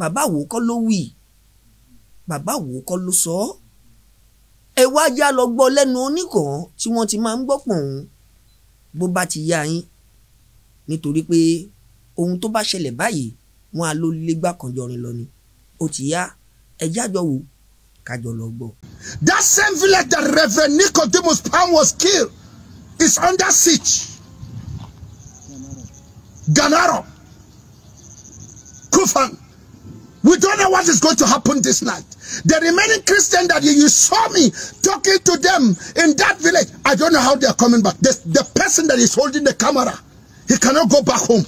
bàbá wo kọ́ ló wì bàbá wo kọ́ ló sọ ọ́ ẹ wá já lọ gbọ́ lẹ́nu oníkàn tí wọ́n ti máa ń gbọ́ pọ̀n bó bá ti yá yín nítorí pé ohun tó bá ṣẹlẹ̀ báyìí wọn á ló légbà kan lọ ni ó ti yá ẹ jájọ wò kájọ lọ gbọ́. that same village that Reverend Nicodemus Palm was killed is under siege Ganaro Kufan. We don't know what is going to happen this night. The remaining Christian that you, saw me talking to them in that village, I don't know how they are coming back. The, the person that is holding the camera, he cannot go back home.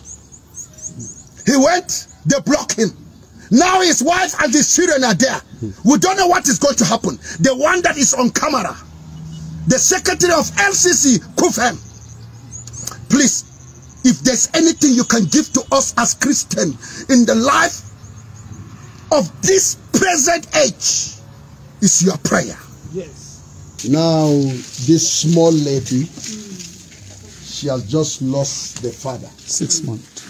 He went, they blocked him. Now his wife and his children are there. We don't know what is going to happen. The one that is on camera, the secretary of LCC, Kufem, please, if there's anything you can give to us as Christian in the life of this present age is your prayer. Yes. Now, this small lady, she has just lost the father. Six months.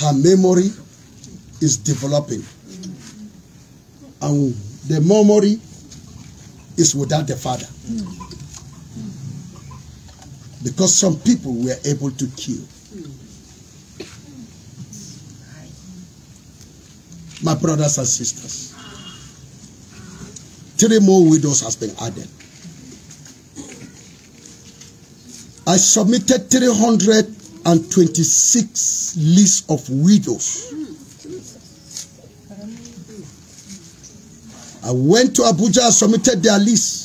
Her memory is developing. And the memory is without the father. Because some people were able to kill. my brothers and sisters. Three more widows has been added. I submitted 326 lists of widows. I went to Abuja and submitted their list.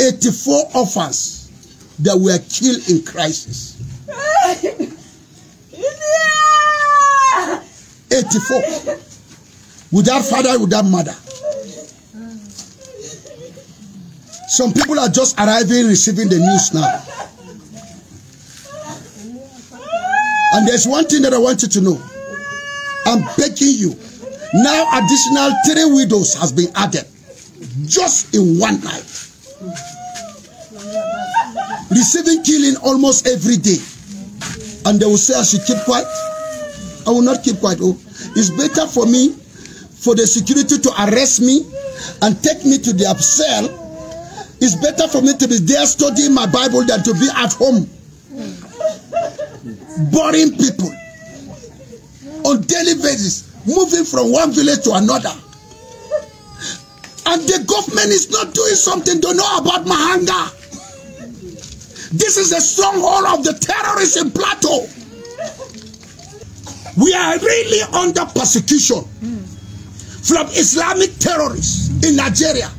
84 orphans that were killed in crisis. 84 without father, without mother. Some people are just arriving, receiving the news now. And there's one thing that I want you to know. I'm begging you. Now additional three widows has been added. Just in one night. Receiving killing almost every day. And they will say I should keep quiet. I will not keep quiet. Oh, it's better for me for the security to arrest me and take me to their cell. It's better for me to be there studying my Bible than to be at home. Boring people on daily basis, moving from one village to another. And the government is not doing something, don't know about my hunger. This is a stronghold of the terrorists in plateau. We are really under persecution mm. from Islamic terrorists in Nigeria.